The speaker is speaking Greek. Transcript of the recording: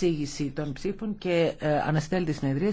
εξήγηση των ψήφων και ε, αναστέλλεται τη συνεδρία.